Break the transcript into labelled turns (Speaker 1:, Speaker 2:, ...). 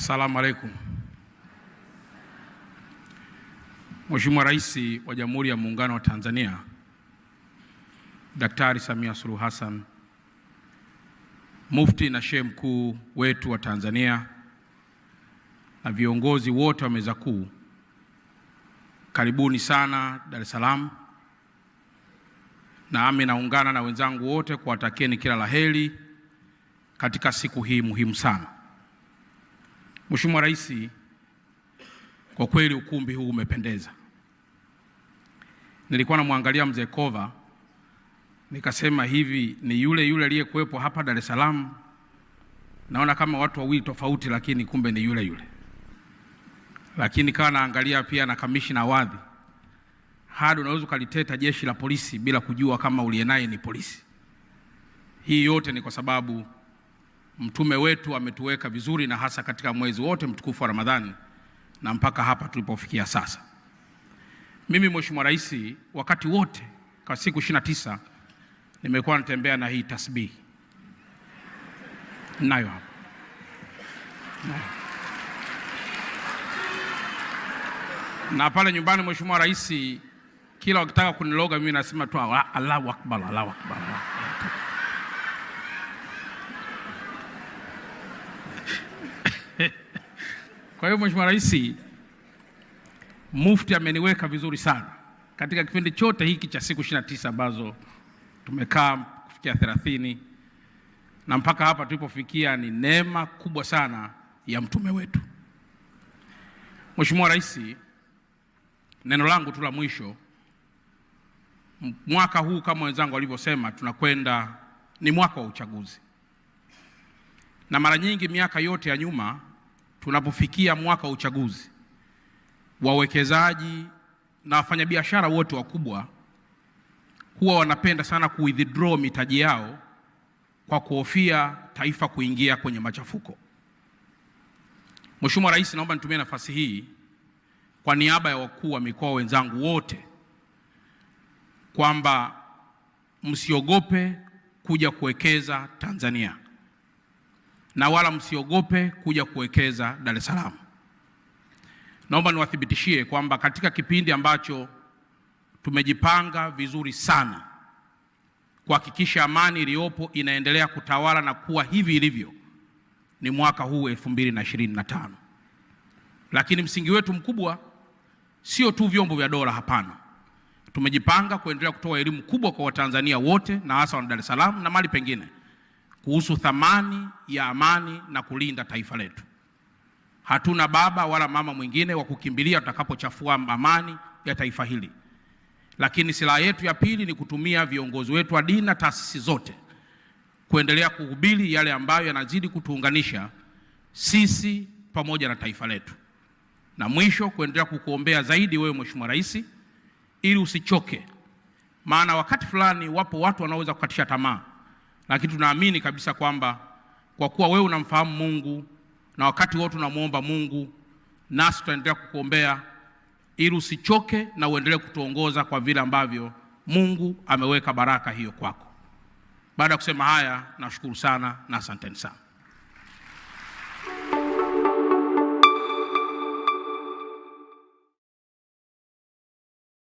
Speaker 1: Assalamu alaikum. Mheshimiwa Rais wa Jamhuri ya Muungano wa Tanzania Daktari Samia Suluhu Hassan, Mufti na Shehe Mkuu wetu wa Tanzania na viongozi wote wa meza kuu, karibuni sana Dar es Salaam, nami naungana na wenzangu wote kuwatakieni kila laheri katika siku hii muhimu sana. Mheshimiwa Rais, kwa kweli ukumbi huu umependeza. Nilikuwa namwangalia mzee Kova nikasema hivi ni yule yule aliyekuwepo hapa Dar es Salaam. Naona kama watu wawili tofauti, lakini kumbe ni yule yule. Lakini kawa naangalia pia na kamishina Wadhi, hadi unaweza ukaliteta jeshi la polisi bila kujua kama uliye naye ni polisi. Hii yote ni kwa sababu mtume wetu ametuweka vizuri, na hasa katika mwezi wote mtukufu wa Ramadhani na mpaka hapa tulipofikia sasa. Mimi Mheshimiwa Rais, wakati wote kwa siku 29 nimekuwa natembea na hii tasbihi nayo hapa na pale nyumbani. Mheshimiwa Rais, kila wakitaka kuniloga mimi nasema tu Allahu Akbar, Allahu Akbar, Allahu Akbar. Kwa hiyo Mheshimiwa Rais Mufti ameniweka vizuri sana katika kipindi chote hiki cha siku 29 ambazo tumekaa kufikia 30 na mpaka hapa tulipofikia, ni neema kubwa sana ya mtume wetu. Mheshimiwa Rais, neno langu tu la mwisho, mwaka huu kama wenzangu walivyosema, tunakwenda ni mwaka wa uchaguzi, na mara nyingi miaka yote ya nyuma tunapofikia mwaka wa uchaguzi, wawekezaji na wafanyabiashara wote wakubwa huwa wanapenda sana kuwithdraw mitaji yao kwa kuhofia taifa kuingia kwenye machafuko. Mheshimiwa Rais, naomba nitumie nafasi hii kwa niaba ya wakuu wa mikoa wenzangu wote kwamba msiogope kuja kuwekeza Tanzania na wala msiogope kuja kuwekeza Dar es Salaam. Naomba niwathibitishie kwamba katika kipindi ambacho tumejipanga vizuri sana kuhakikisha amani iliyopo inaendelea kutawala na kuwa hivi ilivyo ni mwaka huu 2025. Lakini msingi wetu mkubwa sio tu vyombo vya dola, hapana. Tumejipanga kuendelea kutoa elimu kubwa kwa Watanzania wote na hasa wa Dar es Salaam na mali pengine kuhusu thamani ya amani na kulinda taifa letu. Hatuna baba wala mama mwingine wa kukimbilia tutakapochafua amani ya taifa hili. Lakini silaha yetu ya pili ni kutumia viongozi wetu wa dini na taasisi zote kuendelea kuhubiri yale ambayo yanazidi kutuunganisha sisi pamoja na taifa letu. Na mwisho, kuendelea kukuombea zaidi wewe Mheshimiwa Rais ili usichoke, maana wakati fulani wapo watu wanaoweza kukatisha tamaa lakini tunaamini kabisa kwamba kwa kuwa wewe unamfahamu Mungu na wakati wote unamwomba Mungu, nasi tutaendelea kukuombea ili usichoke na uendelee kutuongoza kwa vile ambavyo Mungu ameweka baraka hiyo kwako. Baada ya kusema haya, nashukuru sana na asanteni sana.